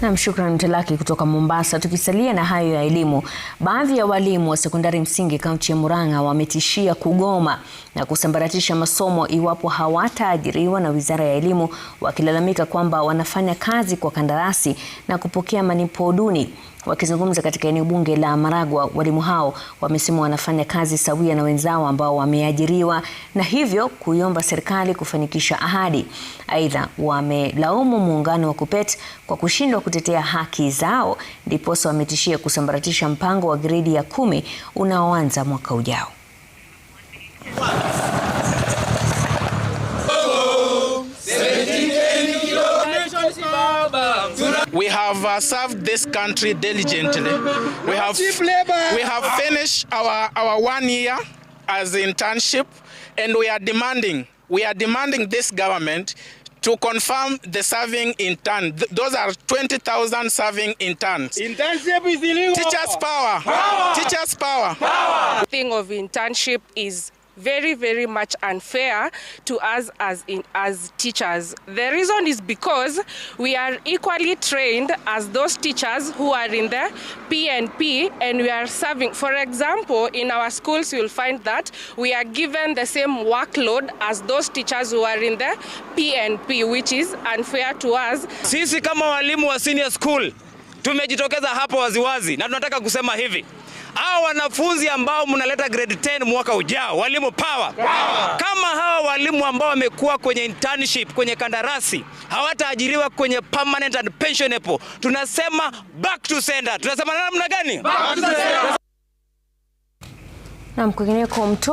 Nam, shukran Mtalaki kutoka Mombasa. Tukisalia na hayo ya elimu, baadhi ya walimu wa sekondari msingi kaunti ya Murang'a wametishia kugoma na kusambaratisha masomo iwapo hawataajiriwa na Wizara ya Elimu, wakilalamika kwamba wanafanya kazi kwa kandarasi na kupokea manipo duni. Wakizungumza katika eneo bunge la Maragwa, walimu hao wamesema wanafanya kazi sawia na wenzao ambao wameajiriwa na hivyo kuiomba serikali kufanikisha ahadi. Aidha, wamelaumu muungano wa KUPPET kwa kushindwa kutetea haki zao, ndiposa wametishia kusambaratisha mpango wa gredi ya kumi unaoanza mwaka ujao. We have uh, served this country diligently. We have, we have finished our, our one year as internship, and we are demanding, we are demanding this government to confirm the serving in turn. Th those are 20,000 serving interns. Internship is illegal. Teachers power. power. Teachers power. power. The thing of internship is very very much unfair to us as in, as teachers the reason is because we are equally trained as those teachers who are in the PNP and we are serving for example in our schools you'll find that we are given the same workload as those teachers who are in the PNP which is unfair to us sisi kama walimu wa senior school tumejitokeza hapo waziwazi na tunataka kusema hivi Hawa wanafunzi ambao mnaleta grade 10 mwaka ujao, walimu power. Power. Kama hawa walimu ambao wamekuwa kwenye internship, kwenye kandarasi hawataajiriwa kwenye permanent and pensionable, tunasema back to sender. Tunasema namna gani? Back to sender. Na mkuineko mtu